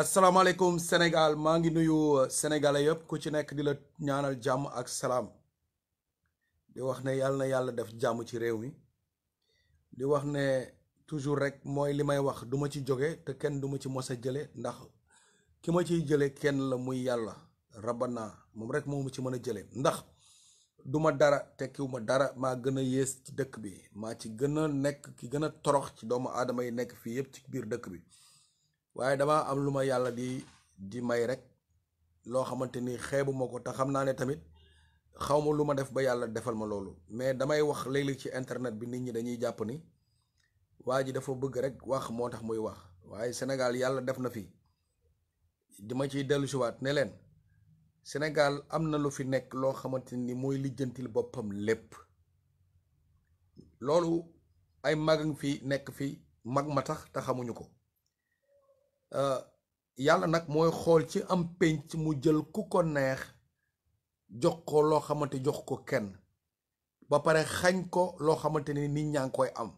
asalaamaaleykum Sénégal maa ngi nuyu sénégalais yëpp ku ci nekk di la ñaanal jàmm ak salaam di wax ne yàlla na yàlla def jàmm ci réew mi di wax ne toujours rek mooy li may wax duma ci jóge te kenn duma ci mos a jële ndax ki ma ciy jële kenn la muy yàlla naa moom rek moomu ci mën a jële ndax duma dara ma dara maa gën a yées ci dëkk bi maa ci gën a nekk ki gën a torox ci doomu aadama yi nekk fii yëpp ci biir dëkk bi waaye damaa am lu ma yàlla di di may rek loo xamante ni xeebuma ko te xam naa ne tamit xaw ma lu ma def ba yàlla defal ma loolu mais damay wax léeg-léeg ci internet bi nit ñi dañuy jàpp ni waa ji dafa bëgg rek wax moo tax muy wax waaye Sénégal yàlla def na fi dima ciy dellusiwaat siwaat ne leen Sénégal am na lu fi nekk loo xamante ni mooy lijjantil boppam lépp loolu ay mag fi nekk fi mag ma tax te xamuñu ko Euh, yàlla nag mooy xool ci am pénc mu jël ku ko neex jox ko loo xamante jox ko kenn ba pare xañ ko loo xamante ni nit ñaa ngi koy am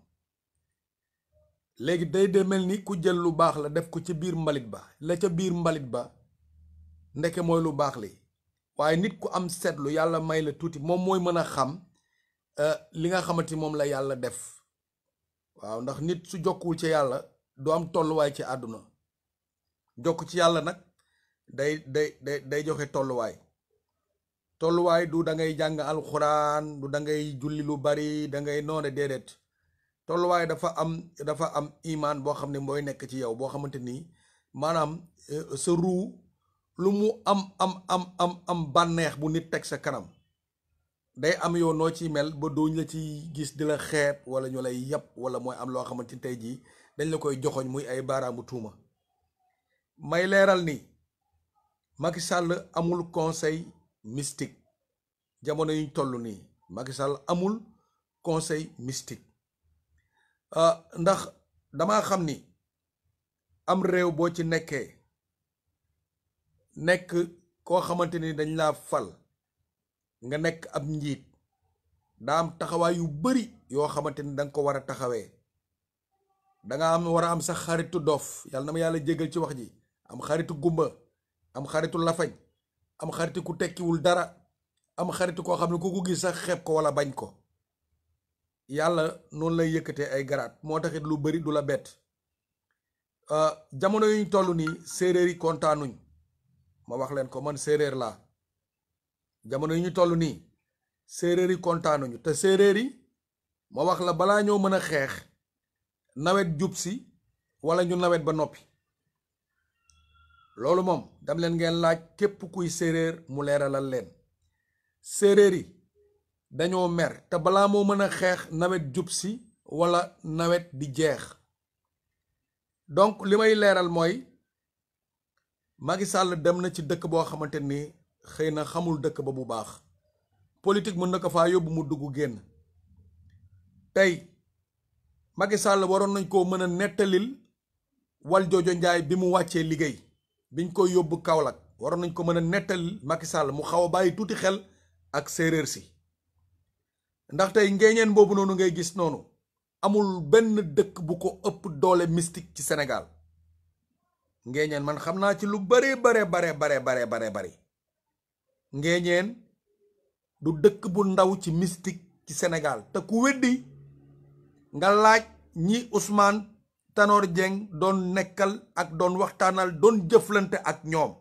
léegi day de mel ni ku jël lu baax la def ko ci biir mbalit ba la ca biir mbalit ba ndeke mooy lu baax li waaye nit ku am seetlu yàlla may la tuuti moom mooy mën a xam euh, li nga xamante moom la yàlla def waaw ndax nit su jokkuwul ci yàlla du am tolluwaay ci àdduna jokk ci yàlla nag day day day day joxe tolluwaay tolluwaay du da ngay jàng alxuraan du da julli lu bari da ngay noone déedéet tolluwaay dafa am dafa am imaan boo xam ne mooy nekk ci yow boo xamante ni maanaam eh, sa ruu lu mu am am am am bànneex bu nit teg sa kanam day am yow noo ciy mel ba dooñ la ci gis di la xeet wala ñu lay yàpp wala mooy am loo xamante ni tey jii dañ la koy joxoñ muy ay baaraamu tuuma may leeral ni Macky Sall amul conseil mystique jamono yuñ toll nii Macky Sall amul conseil mystique ah, ndax damaa xam ni am réew boo ci nekkee nekk koo xamante ni dañ laa fal nga nekk ab njiit daa am taxawaay yu bari yoo xamante ni danga ko war a taxawee danga am war a am sax xaritu dof yàlla na ma yàlla jégal ci wax ji am xaritu gumba am xaritu lafañ am xaritu ku tekkiwul dara am xaritu koo xam ne ku ko gis sax xeeb ko wala bañ ko yàlla noonu lay yëkkatee ay garaat moo taxit lu bari du la bett euh, jamono yuñ toll nii séeréer yi kontaanuñ ma wax leen ko man séeréer la jamono yi ñu toll nii séeréer yi kontaanuñu te séeréer yi ma wax la balaa ñoo mën a xeex nawet jub si wala ñu nawet ba noppi loolu moom dam leen ngeen laaj képp kuy séeréer mu leeralal leen séeréer yi dañoo mer te balaa moo mën a xeex nawet jub si wala nawet di jeex donc li may leeral mooy Macky Sall dem na ci dëkk boo xamante ni xëy na xamul dëkk ba bu baax politique mën na ko faa yóbbu mu dugg génn tey Macky Sall waroon nañ ko mën a nettalil wal joojo njaay bi mu wàccee liggéey biñ koy yóbbu kawlak waroon nañ ko mën a nettal Macky Sall mu xaw a bàyyi tuuti xel ak séeréer si ndax tey ngeeñeen boobu noonu ngay gis noonu amul benn dëkk bu ko ëpp doole mystique ci Sénégal ngeeñeen man xam naa ci lu bare bare bare bare bare bare bare ngeeñeen du dëkk bu ndaw ci mystique ci Sénégal te ku weddi nga laaj ñi Ousmane tanoor Dieng doon nekkal ak doon waxtaanal doon jëflante ak ñoom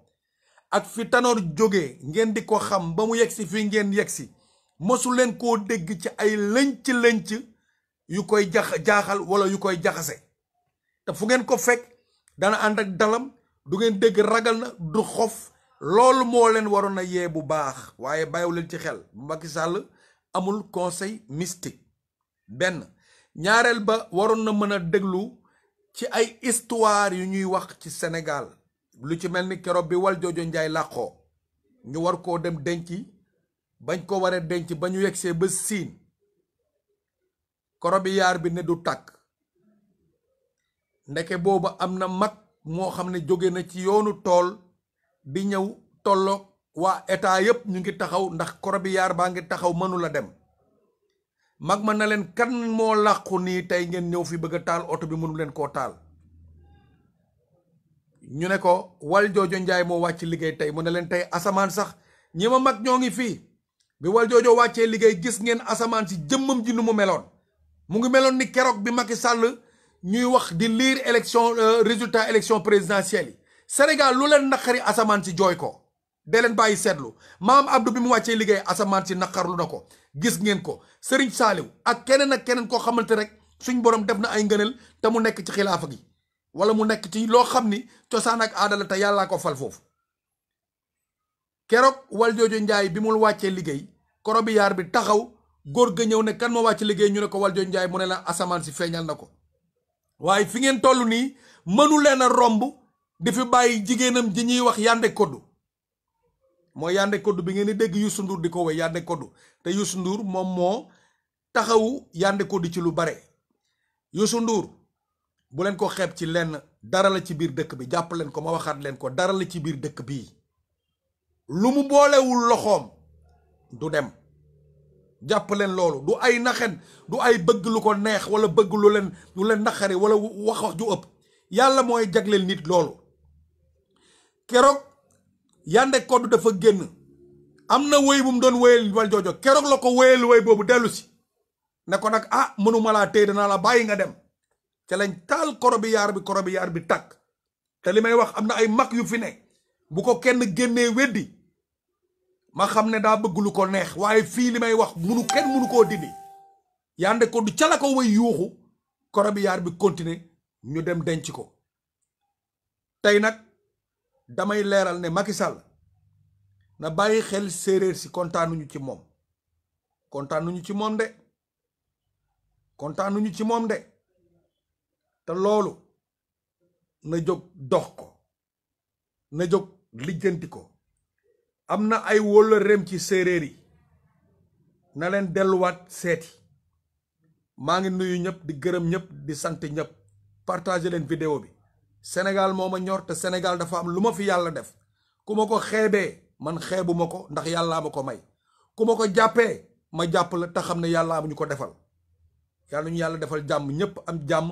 ak fi tanoor jóge ngeen di ko xam ba mu yegsi fii ngeen yegsi mosu leen koo dégg ci ay lënc-lënc yu koy jax jaaxal wala yu koy jaxase te fu ngeen ko fekk dana ànd ak dalam du ngeen dégg ragal na du xof loolu moo leen waroon a yee bu baax waaye bàyyiwu leen ci xel Macky Sall amul conseil mystique benn ñaareel ba waroon na mën a déglu ci ay histoire yu ñuy wax ci senegaal lu ci mel ni kero bi Valdiodio Ndiaye làqoo ñu war koo dem denc bañ ko waree denc ba ñu yegsee ba siin koro bi ne du tàkk ndeke booba am na mag moo xam ne jóge na ci yoonu tool di ñëw tolloo waa état yépp ñu ngi taxaw ndax koro baa ngi taxaw mënula dem mag ma na leen kan moo làqu nii tey ngeen ñëw fi bëgg a taal oto bi mënu leen koo taal ñu ne ko wal joojo njaay moo wàcc liggéey tey mu ne leen tey asamaan sax ñi ma mag ñoo ngi fii bi wal joojo wàccee liggéey gis ngeen asamaan si jëmmam ji nu mu meloon mu ngi meloon ni keroog bi Macky sàll ñuy wax di lire élection euh, résultat élection présidentielle yi Sénégal lu leen naqari asamaan si jooy ko de leen bàyyi seetlu maam Abdou bi mu wàccee liggéey asamaan si naqarlu na ko gis ngeen ko Serigne Saliou ak keneen ak keneen koo xamante rek suñ borom def na ay ngëneel te mu nekk ci xilaafa gi wala mu nekk ci loo xam ni cosaan ak adala la te yàllaa ko fal foofu keroog wal joojo njaay bi mu wàccee liggéey koro bi yaar bi taxaw góor ga ñëw ne kan ma wàcc liggéey ñu ne ko wal joojo njaay mu ne la asamaan si feeñal na ko waaye fi ngeen toll nii mënu leen a romb di fi bàyyi jigéenam ji ñuy wax yande koddu mooy Yandé koddu bi ngeen di dégg Youssou Ndour di ko woy Yandé Codou te Youssou Ndour moom moo taxawu Yandé koddu ci lu bare Youssou Ndour bu leen ko xeeb ci lenn dara la ci biir dëkk bi jàpp leen ko ma waxaat leen ko dara la ci biir dëkk bii lu mu boolewul loxoom du dem jàpp leen loolu du ay naxen du ay bëgg lu ko neex wala bëgg lu leen leen naxari wala wax wax ju ëpp yàlla mooy jagleel nit loolu keroog Yandé Codou dafa génn am na woy bu mu doon woyal wal joojo keroog la ko woyal woy boobu dellu si ne ko nag ah mënuma laa téy danaa la bàyyi nga dem ca taal korobi bi korobiyaar bi tàkk te li may wax am na ay mag yu fi ne bu ko kenn génnee weddi ma xam ne daa bëgg ko neex waaye fii li may wax munu kenn munu koo dindi Yandé Codou ca ko woy yuuxu korobi bi continuer ñu dem denc ko tey nag damay leeral ne Macky Sall na bàyyi xel séeréer si kontaanuñu ci moom kontaanuñu ci moom de kontaanuñu ci moom de te loolu na jóg dox ko na jóg lijjanti ko am na ay wóllëreem ci séeréer yi na leen delluwaat seeti maa ngi nuyu ñëpp di gërëm ñëpp di sant ñëpp partager leen vidéo bi Sénégal moo ma ñor te Sénégal dafa am lu ma fi yàlla def ku ma ko xeebee man xeebuma ko ndax yàllaa ma ko may ku ma ko jàppee ma jàpp la te xam ne yàllaa ñu ko defal yàlla ñu yàlla defal jàmm ñëpp am jàmm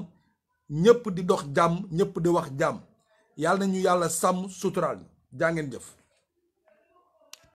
ñëpp di dox jàmm ñëpp di wax jàmm yàlla na ñu yàlla sàmm suturaal ñu jaa jëf.